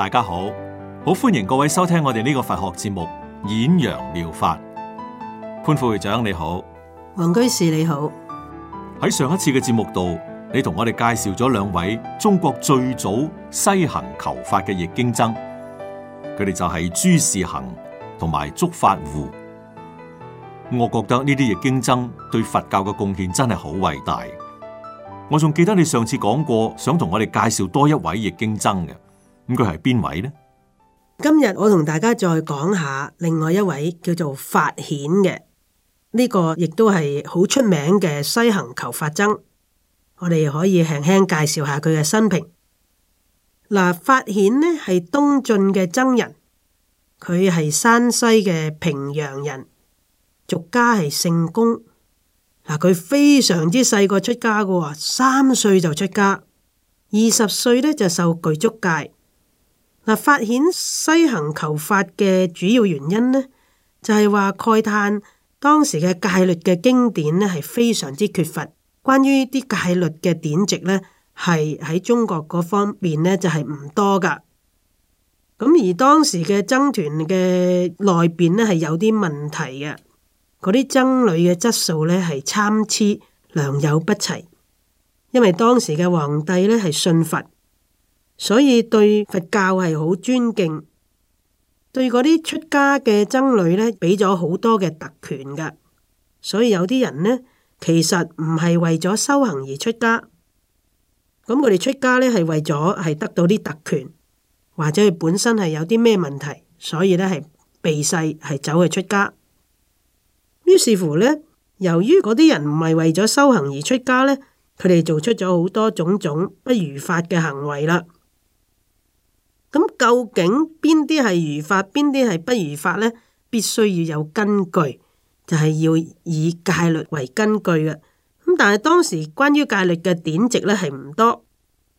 大家好好歡迎各位收聽我哋呢個佛學節目《演揚妙，妙法》。潘副會長你好，黃居士你好。喺上一次嘅節目度，你同我哋介紹咗兩位中國最早西行求法嘅譯經僧，佢哋就係朱士行同埋竺法護。我覺得呢啲譯經僧對佛教嘅貢獻真係好偉大。我仲記得你上次講過，想同我哋介紹多一位譯經僧嘅。咁佢係邊位呢？今日我同大家再講下另外一位叫做法顯嘅呢個，亦都係好出名嘅西行求法僧。我哋可以輕輕介紹下佢嘅生平。嗱、啊，法顯呢係東晉嘅僧人，佢係山西嘅平陽人，俗家係姓龔。嗱、啊，佢非常之細個出家嘅，三歲就出家，二十歲呢就受具足戒。嗱，法顯西行求法嘅主要原因呢，就係話慨嘆當時嘅戒律嘅經典呢，係非常之缺乏，關於啲戒律嘅典籍呢，係喺中國嗰方面呢就係、是、唔多噶。咁而當時嘅僧團嘅內邊呢，係有啲問題嘅，嗰啲僧侶嘅質素呢，係參差良莠不齊，因為當時嘅皇帝呢，係信佛。所以對佛教係好尊敬，對嗰啲出家嘅僧侶呢，俾咗好多嘅特權㗎。所以有啲人呢，其實唔係為咗修行而出家。咁佢哋出家呢，係為咗係得到啲特權，或者佢本身係有啲咩問題，所以呢係避世係走去出家。於是乎呢，由於嗰啲人唔係為咗修行而出家呢，佢哋做出咗好多種種不如法嘅行為啦。咁究竟邊啲係如法，邊啲係不如法咧？必須要有根據，就係要以戒律為根據嘅。咁但係當時關於戒律嘅典籍咧係唔多，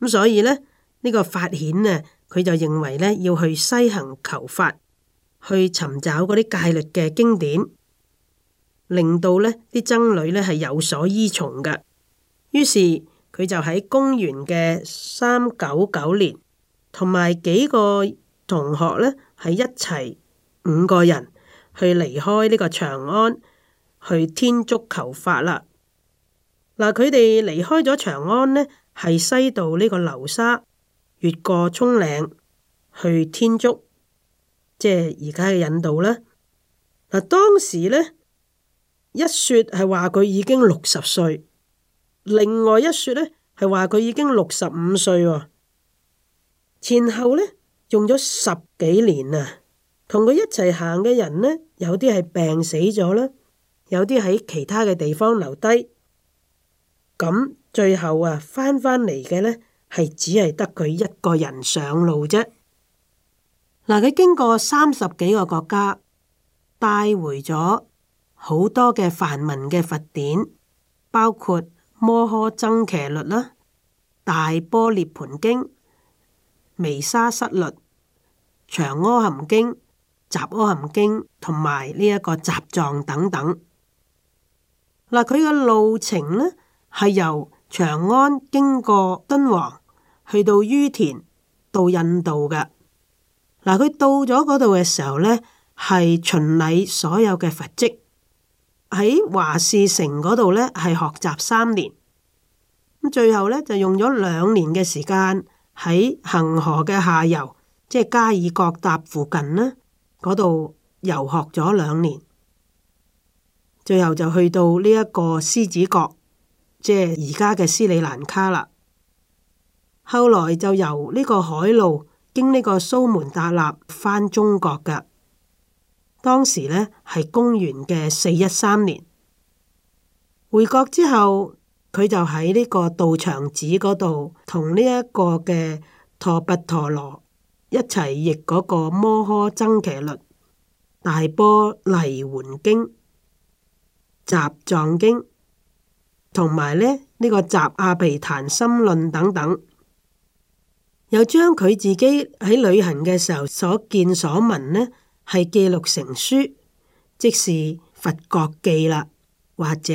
咁所以咧呢個法顯呢，佢就認為咧要去西行求法，去尋找嗰啲戒律嘅經典，令到咧啲僧侶咧係有所依從嘅。於是佢就喺公元嘅三九九年。同埋幾個同學呢，係一齊五個人去離開呢個長安，去天竺求法啦。嗱，佢哋離開咗長安呢，係西渡呢個流沙，越過蔥嶺去天竺，即係而家嘅印度啦。嗱，當時呢，一説係話佢已經六十歲，另外一説呢，係話佢已經六十五歲喎。前後呢，用咗十幾年啊，同佢一齊行嘅人呢，有啲係病死咗啦，有啲喺其他嘅地方留低，咁最後啊返返嚟嘅呢，係只係得佢一個人上路啫。嗱，啊，佢經過三十幾個國家，帶回咗好多嘅梵文嘅佛典，包括《摩訶僧伽律》啦，《大波列盤經》。微沙失律、長阿含經、雜阿含經同埋呢一個雜藏等等。嗱，佢嘅路程呢，係由長安經過敦煌去到於田到印度嘅。嗱，佢到咗嗰度嘅時候呢，係巡禮所有嘅佛跡，喺華氏城嗰度呢，係學習三年。咁最後呢，就用咗兩年嘅時間。喺恒河嘅下游，即係加爾各答附近呢，嗰度遊學咗兩年，最後就去到呢一個獅子國，即係而家嘅斯里蘭卡啦。後來就由呢個海路經呢個蘇門答臘返中國嘅，當時呢係公元嘅四一三年。回國之後。佢就喺呢個道場寺嗰度，同呢一個嘅陀跋陀羅一齊譯嗰個《摩訶僧伽律、大波泥援經》《雜藏經》呢，同埋咧呢個《雜阿毗曇心論》等等，又將佢自己喺旅行嘅時候所見所聞呢，係記錄成書，即是《佛國記》啦，或者。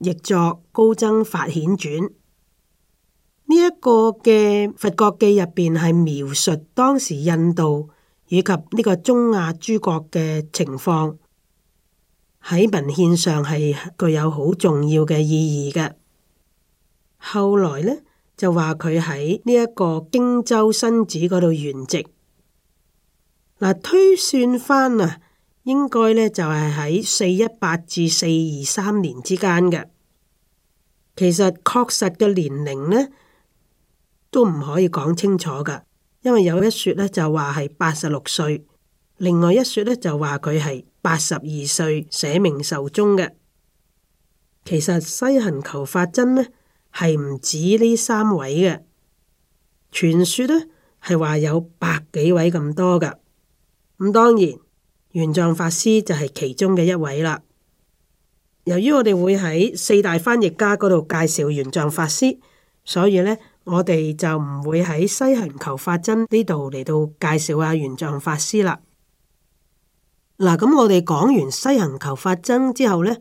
亦作高僧法顯傳，呢一個嘅《佛國記》入邊係描述當時印度以及呢個中亞諸國嘅情況，喺文獻上係具有好重要嘅意義嘅。後來呢，就話佢喺呢一個荊州新渚嗰度圓寂。嗱，推算翻啊！應該呢，就係喺四一八至四二三年之間嘅。其實確實嘅年齡呢，都唔可以講清楚㗎，因為有一説呢，就話係八十六歲，另外一説呢，就話佢係八十二歲，寫明壽終嘅。其實西行求法僧呢，係唔止呢三位嘅，傳説呢，係話有百幾位咁多㗎。咁當然。玄奘法師就係其中嘅一位啦。由於我哋會喺四大翻譯家嗰度介紹玄奘法師，所以呢，我哋就唔會喺西行求法僧呢度嚟到介紹下玄奘法師啦。嗱，咁我哋講完西行求法僧之後呢，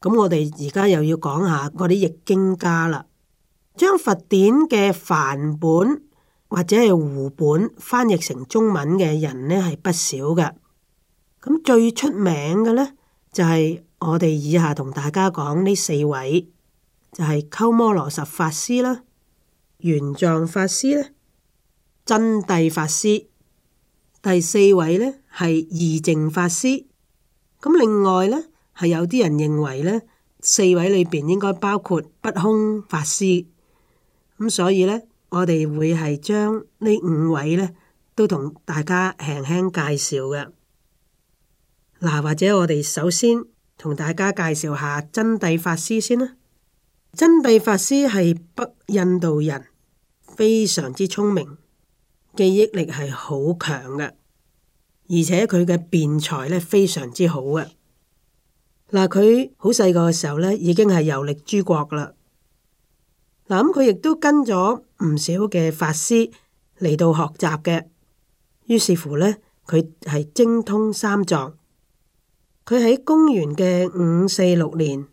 咁我哋而家又要講下嗰啲譯經家啦。將佛典嘅梵本或者係胡本翻譯成中文嘅人呢，係不少嘅。咁最出名嘅呢，就係、是、我哋以下同大家講呢四位，就係、是、鳩摩羅什法師啦、玄奘法師啦、真諦法師，第四位呢，係義淨法師。咁另外呢，係有啲人認為呢四位裏邊應該包括不空法師。咁所以呢，我哋會係將呢五位呢，都同大家輕輕介紹嘅。嗱，或者我哋首先同大家介紹下真諦法師先啦。真諦法師係北印度人，非常之聰明，記憶力係好強嘅，而且佢嘅辯才呢，非常之好嘅。嗱，佢好細個嘅時候呢，已經係遊歷諸國啦。嗱，咁佢亦都跟咗唔少嘅法師嚟到學習嘅，於是乎呢，佢係精通三藏。佢喺公元嘅五四六年，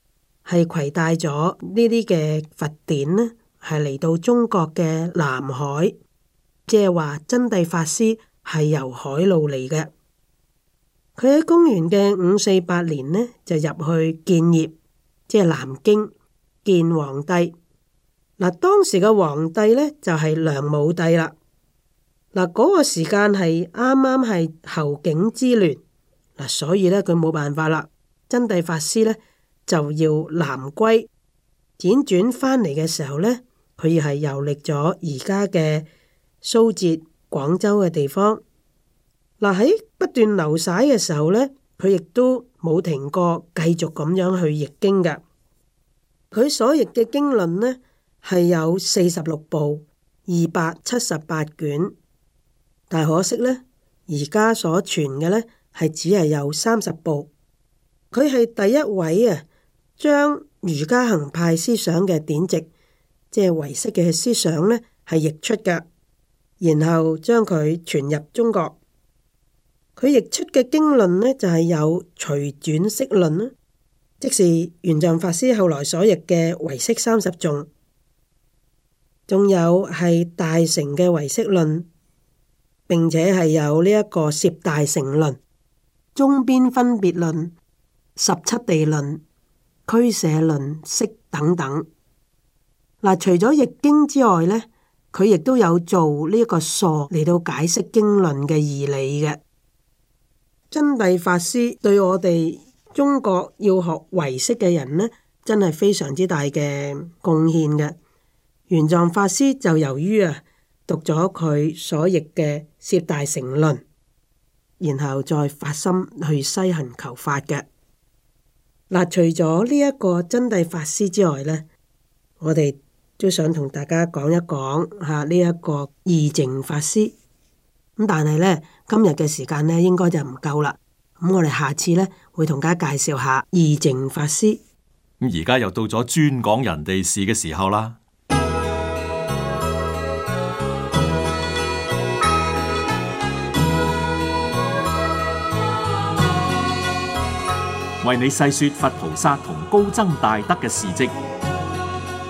係攜帶咗呢啲嘅佛典呢係嚟到中國嘅南海，即係話真諦法師係由海路嚟嘅。佢喺公元嘅五四八年呢，就入去建業，即係南京見皇帝。嗱，當時嘅皇帝呢，就係梁武帝啦。嗱，嗰個時間係啱啱係侯景之亂。嗱，所以呢，佢冇辦法啦。真諦法師呢，就要南歸，輾轉返嚟嘅時候呢，佢係遊歷咗而家嘅蘇浙廣州嘅地方。嗱，喺不斷流曬嘅時候呢，佢亦都冇停過，繼續咁樣去譯經嘅。佢所譯嘅經論呢，係有四十六部二百七十八卷，但可惜呢，而家所傳嘅呢。係只係有三十部，佢係第一位啊，將瑜伽行派思想嘅典籍，即係唯識嘅思想呢係譯出噶然後將佢傳入中國。佢譯出嘅經論呢就係、是、有《隨轉識論》即是玄奘法師後來所譯嘅唯識三十頌，仲有係大乘嘅唯識論，並且係有呢一個攝大乘論，中邊分別論、十七地論、驅舍論釋等等，嗱、啊，除咗譯經之外呢，佢亦都有做呢一個疏嚟到解釋經論嘅義理嘅。真諦法師對我哋中國要學唯識嘅人呢真係非常之大嘅貢獻嘅。玄奘法師就由於啊讀咗佢所譯嘅攝大乘論。然後再發心去西行求法嘅。嗱、啊，除咗呢一個真諦法師之外呢，我哋都想同大家講一講吓呢一個義淨法師咁、嗯，但係呢，今日嘅時間咧應該就唔夠啦，咁、嗯、我哋下次呢，會同大家介紹下義淨法師咁，而家又到咗專講人哋事嘅時候啦。為你細說佛菩薩同高僧大德嘅事蹟，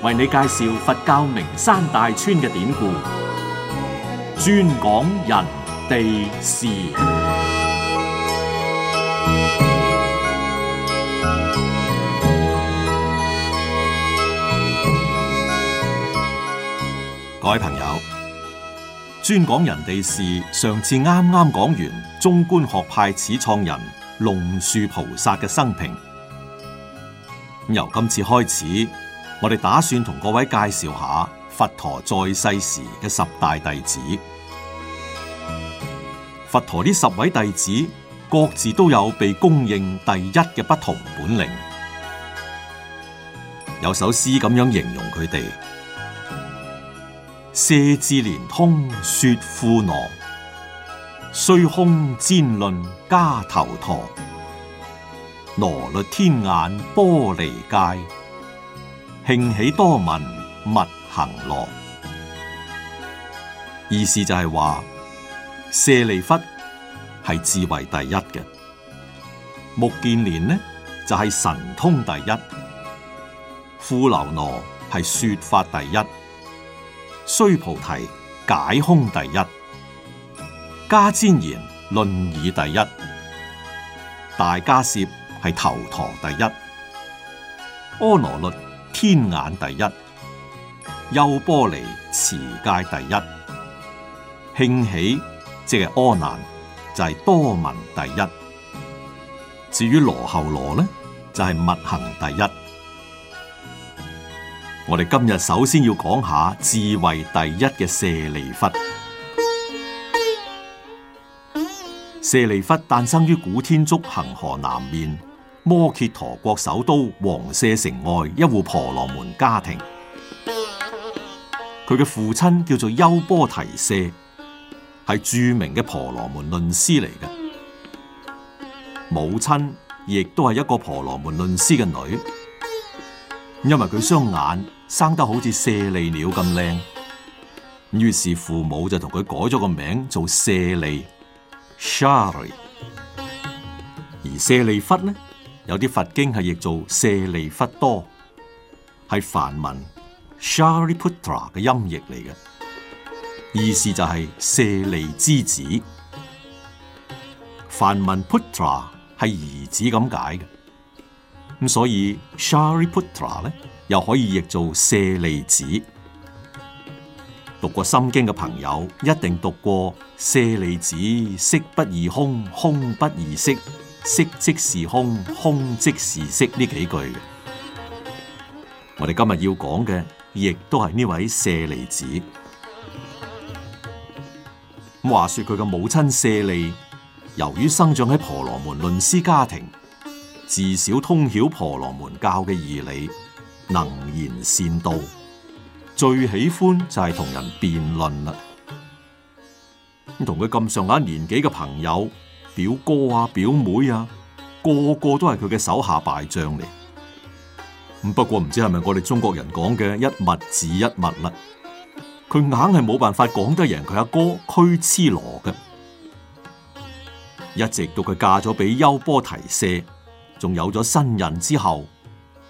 為你介紹佛教名山大川嘅典故，專講人地事。各位朋友，專講人地事，上次啱啱講完中觀學派始創人。龍樹菩薩嘅生平，嗯，由今次開始，我哋打算同各位介紹下佛陀在世時嘅十大弟子。佛陀呢十位弟子，各自都有被公認第一嘅不同本領。有首詩咁樣形容佢哋：舍智連通，說富羅。須空尖論迦頭陀，那律天眼波離戒，慶喜多聞勿行羅。意思就係話，舍利弗係智慧第一嘅，目犍連呢就係、是、神通第一，富樓那係說法第一，須菩提解空第一。迦旃延論議第一，大迦葉係頭陀第一，阿羅律天眼第一，優波離持戒第一，慶喜即係阿難就係、是、多聞第一。至於羅睺羅呢，就係、是、密行第一。我哋今日首先要講下智慧第一嘅舍利弗。舍利弗誕生於古天竺恒河南面摩羯陀國首都王舍城外一戶婆羅門家庭，佢嘅父親叫做優波提舍，係著名嘅婆羅門論師嚟嘅，母親亦都係一個婆羅門論師嘅女，因為佢雙眼生得好似舍利鳥咁靚，於是父母就同佢改咗個名做舍利。舍利，而舍利弗呢？有啲佛經係譯做舍利弗多，係梵文 Shariputra 嘅音譯嚟嘅，意思就係舍利之子。梵文 Putra 係兒子咁解嘅，咁所以 Shariputra 呢，又可以譯做舍利子。讀過《心經》嘅朋友，一定讀過《舍利子》，色不異空，空不異色，色即是空，空即是色呢幾句嘅。我哋今日要講嘅，亦都係呢位舍利子。話說佢嘅母親舍利，由於生長喺婆羅門論師家庭，自小通曉婆羅門教嘅義理，能言善道。最喜歡就係同人辯論啦，咁同佢咁上下年紀嘅朋友、表哥啊、表妹啊，個個都係佢嘅手下敗將嚟。咁不過唔知係咪我哋中國人講嘅一物治一物啦，佢硬係冇辦法講得贏佢阿哥俱絺羅嘅。一直到佢嫁咗俾優波提舍，仲有咗新人之後，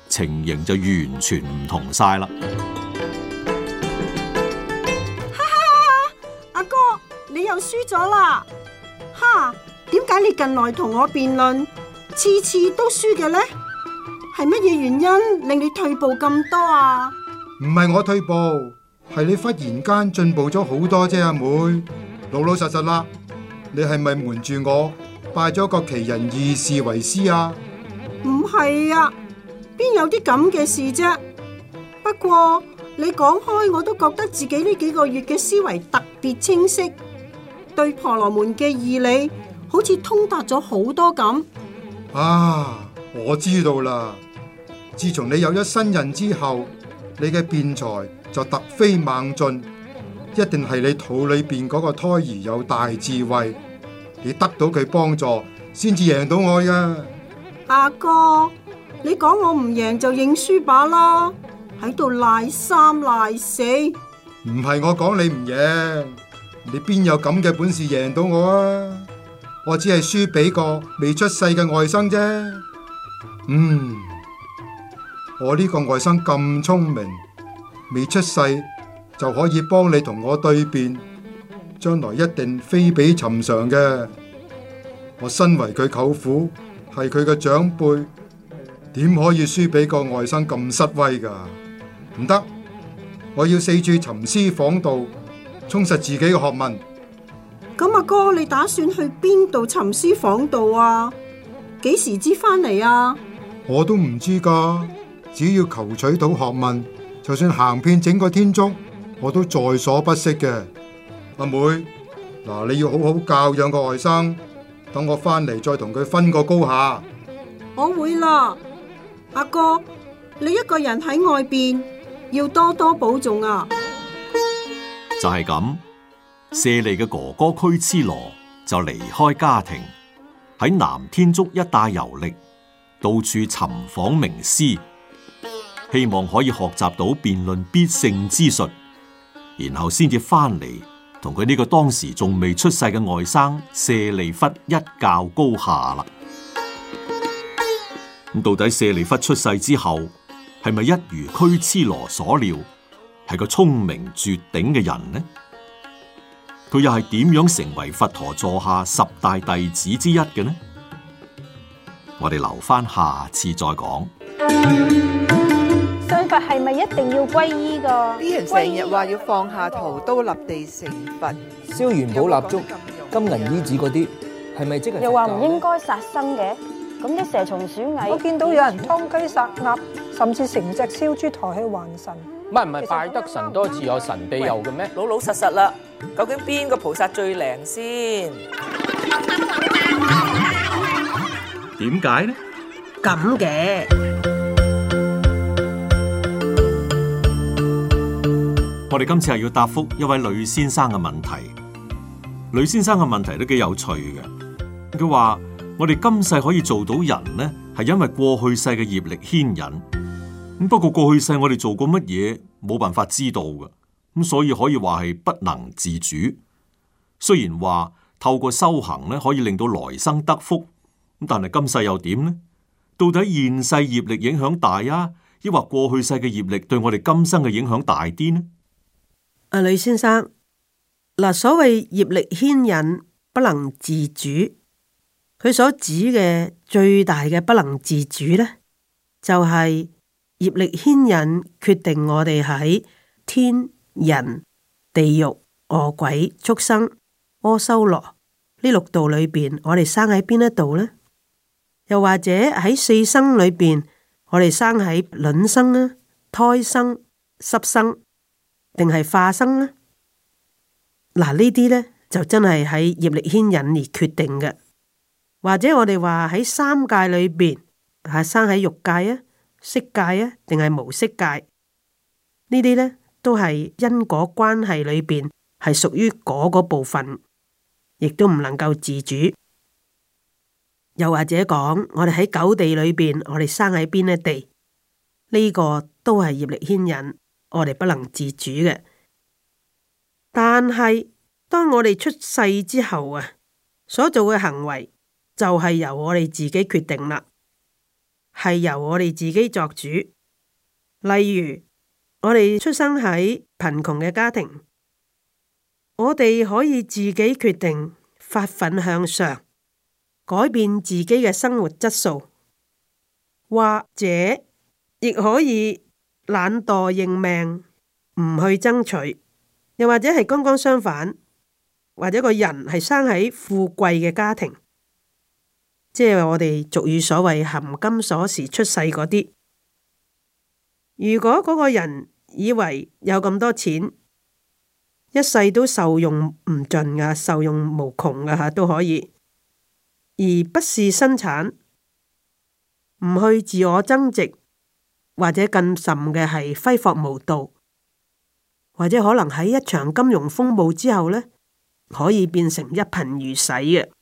情形就完全唔同晒啦。就輸咗啦！哈，點解你近來同我辯論，次次都輸嘅呢？係乜嘢原因令你退步咁多啊？唔係我退步，係你忽然間進步咗好多啫，阿妹。老老實實啦，你係咪瞞住我拜咗個奇人異士為師啊？唔係啊，邊有啲咁嘅事啫？不過你講開，我都覺得自己呢幾個月嘅思維特別清晰。對婆羅門嘅義理好似通達咗好多咁啊！我知道啦。自從你有咗身孕之後，你嘅辯才就突飛猛進，一定係你肚裏邊嗰個胎兒有大智慧，你得到佢幫助先至贏到我呀！阿哥，你講我唔贏就認輸把啦，喺度賴三賴四，唔係我講你唔贏。你邊有咁嘅本事贏到我啊？我只係輸俾個未出世嘅外甥啫。嗯，我呢個外甥咁聰明，未出世就可以幫你同我對辯，將來一定非比尋常嘅。我身為佢舅父，係佢嘅長輩，點可以輸俾個外甥咁失威噶？唔得，我要四處尋師訪道。充實自己嘅學問。咁阿哥，你打算去邊度尋師訪道啊？幾時知翻嚟啊？我都唔知噶，只要求取到學問，就算行遍整個天竺，我都在所不惜嘅。阿妹，嗱，你要好好教養個外甥，等我翻嚟再同佢分個高下。我會啦，阿哥，你一個人喺外邊，要多多保重啊！就係咁，舍利嘅哥哥拘痴羅就離開家庭，喺南天竺一帶遊歷，到處尋訪名師，希望可以學習到辯論必勝之術，然後先至翻嚟同佢呢個當時仲未出世嘅外甥舍利弗一較高下啦。咁到底舍利弗出世之後，係咪一如拘痴羅所料？係個聰明絕頂嘅人呢？佢又係點樣成為佛陀座下十大弟子之一嘅呢？我哋留翻下，下次再講。信佛係咪一定要皈依㗎？成日話要放下屠刀立地成佛，燒元寶蠟燭、金銀衣紙嗰啲，係咪、嗯、即係？又話唔應該殺生嘅，咁啲蛇蟲鼠蟻，我見到有人劏雞殺鴨，甚至成隻燒豬抬去還神。唔係唔係，拜得神多自有神庇佑嘅咩？老老實實啦，究竟邊個菩薩最靈先？點解呢？咁嘅。我哋今次係要答复一位呂先生嘅問題。呂先生嘅問題都幾有趣嘅。佢話：我哋今世可以做到人呢，係因為過去世嘅業力牽引。不過過去世我哋做過乜嘢，冇辦法知道嘅，咁，所以可以話係不能自主。雖然話透過修行咧，可以令到來生得福，但係今世又點呢？到底現世業力影響大啊，抑或過去世嘅業力對我哋今生嘅影響大啲呢？阿呂先生，嗱、呃呃，所謂業力牽引不能自主，佢所指嘅最大嘅不能自主呢，就係、是。業力牽引決定我哋喺天人、地獄、餓鬼、畜生、阿修羅呢六道裏邊，我哋生喺邊一度呢？又或者喺四生裏邊，我哋生喺卵生啊、胎生、濕生，定係化生啊？嗱，呢啲呢就真係喺業力牽引而決定嘅。或者我哋話喺三界裏邊，係生喺欲界啊？色界啊，定係無色界？呢啲呢，都係因果關係裏邊係屬於嗰個部分，亦都唔能夠自主。又或者講，我哋喺九地裏邊，我哋生喺邊一地，呢、這個都係業力牽引，我哋不能自主嘅。但係當我哋出世之後啊，所做嘅行為就係、是、由我哋自己決定啦。係由我哋自己作主。例如，我哋出生喺貧窮嘅家庭，我哋可以自己決定發奮向上，改變自己嘅生活質素，或者亦可以懶惰認命，唔去爭取。又或者係剛剛相反，或者個人係生喺富貴嘅家庭。即係我哋俗語所謂含金鎖匙出世嗰啲。如果嗰個人以為有咁多錢，一世都受用唔盡噶，受用無窮噶，嚇都可以，而不是生產，唔去自我增值，或者更甚嘅係揮霍無度，或者可能喺一場金融風暴之後呢，可以變成一貧如洗嘅。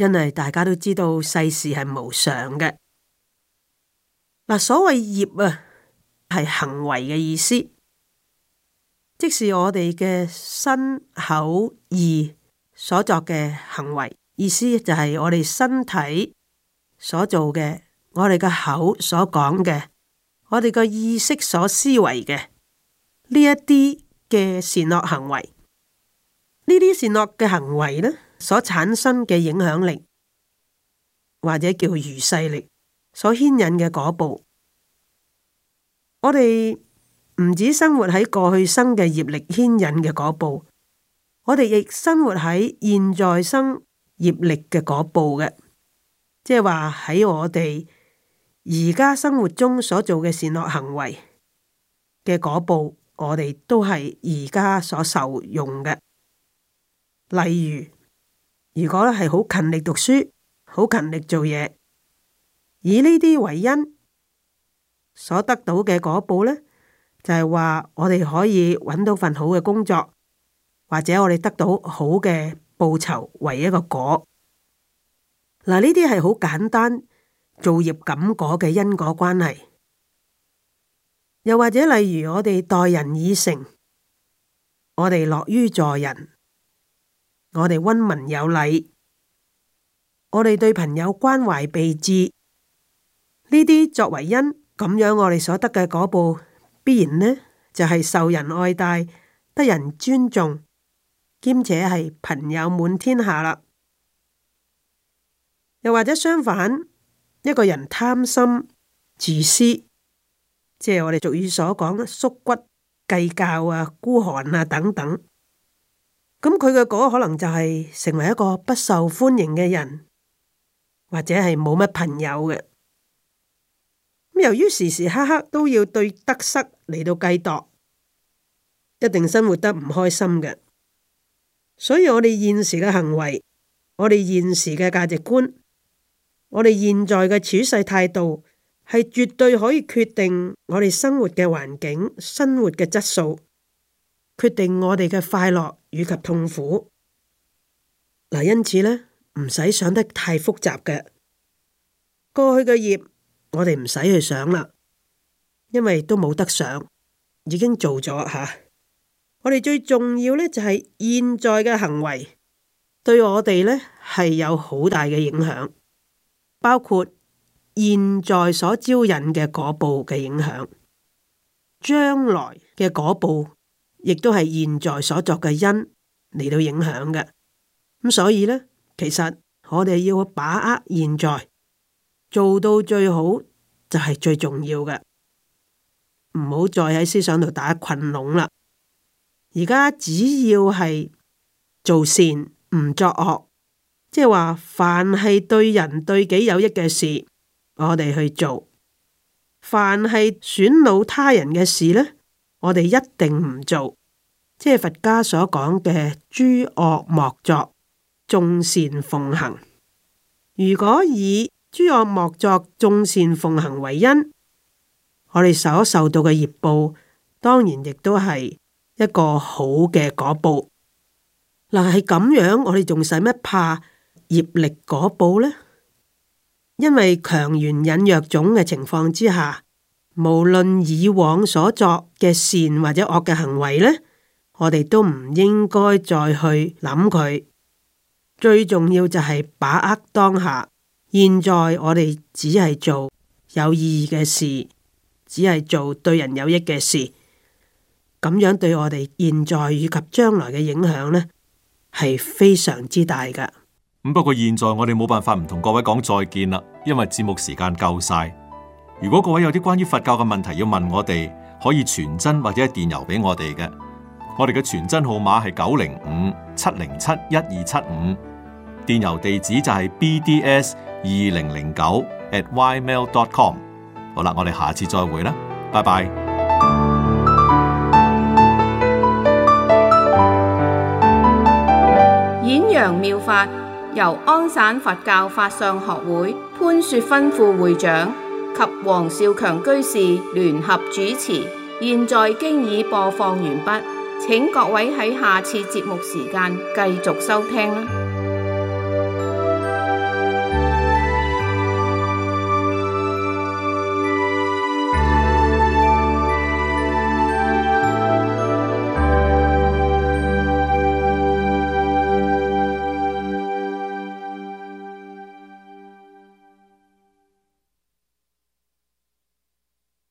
因為大家都知道世事係無常嘅，嗱所謂業啊，係行為嘅意思，即是我哋嘅身口意所作嘅行為，意思就係我哋身體所做嘅，我哋嘅口所講嘅，我哋嘅意識所思維嘅呢一啲嘅善惡行為，呢啲善惡嘅行為呢，所產生嘅影響力，或者叫餘勢力，所牽引嘅果報，我哋唔止生活喺過去生嘅業力牽引嘅果報，我哋亦生活喺現在生業力嘅果報嘅，即係話喺我哋而家生活中所做嘅善惡行為嘅果報，我哋都係而家所受用嘅，例如，如果係好勤力讀書，好勤力做嘢，以呢啲為因，所得到嘅果報呢，就係話我哋可以揾到份好嘅工作，或者我哋得到好嘅報酬為一個果。嗱，呢啲係好簡單造業感果嘅因果關係。又或者例如我哋待人以誠，我哋樂於助人。我哋溫文有禮，我哋對朋友關懷備至，呢啲作為因，咁樣我哋所得嘅果報必然呢就係受人愛戴，得人尊重，兼且係朋友滿天下啦。又或者相反，一個人貪心自私，即係我哋俗語所講縮骨計較啊、孤寒啊等等。咁佢嘅果可能就係成為一個不受歡迎嘅人，或者係冇乜朋友嘅。由於時時刻刻都要對得失嚟到計度，一定生活得唔開心嘅。所以我哋現時嘅行為，我哋現時嘅價值觀，我哋現在嘅處世態度，係絕對可以決定我哋生活嘅環境、生活嘅質素。決定我哋嘅快樂與及痛苦，嗱，因此呢，唔使想得太複雜嘅過去嘅業，我哋唔使去想啦，因為都冇得想，已經做咗嚇。我哋最重要呢，就係現在嘅行為對我哋呢係有好大嘅影響，包括現在所招引嘅果報嘅影響，將來嘅果報。亦都係現在所作嘅因嚟到影響嘅，咁所以呢，其實我哋要把握現在，做到最好就係最重要嘅，唔好再喺思想度打困籠啦。而家只要係做善唔作惡，即係話凡係對人對己有益嘅事，我哋去做；凡係損惱他人嘅事呢。我哋一定唔做，即係佛家所講嘅諸惡莫作，眾善奉行。如果以諸惡莫作，眾善奉行為因，我哋所受到嘅業報，當然亦都係一個好嘅果報。嗱，係咁樣，我哋仲使乜怕業力果報呢？因為強緣引弱種嘅情況之下。無論以往所作嘅善或者惡嘅行為呢，我哋都唔應該再去諗佢。最重要就係把握當下。現在我哋只係做有意義嘅事，只係做對人有益嘅事，咁樣對我哋現在以及將來嘅影響呢，係非常之大噶。唔、嗯、不過現在我哋冇辦法唔同各位講再見啦，因為節目時間夠晒。如果各位有啲關於佛教嘅問題要問我哋，可以傳真或者係電郵俾我哋嘅。我哋嘅傳真號碼係九零五七零七一二七五，75，電郵地址就係 bds 二零零九 at ymail dot com。好啦，我哋下次再會啦，拜拜。演揚妙法由安省佛教法相學會潘雪芬副會長及王少強居士聯合主持，現在經已播放完畢，請各位喺下次節目時間繼續收聽。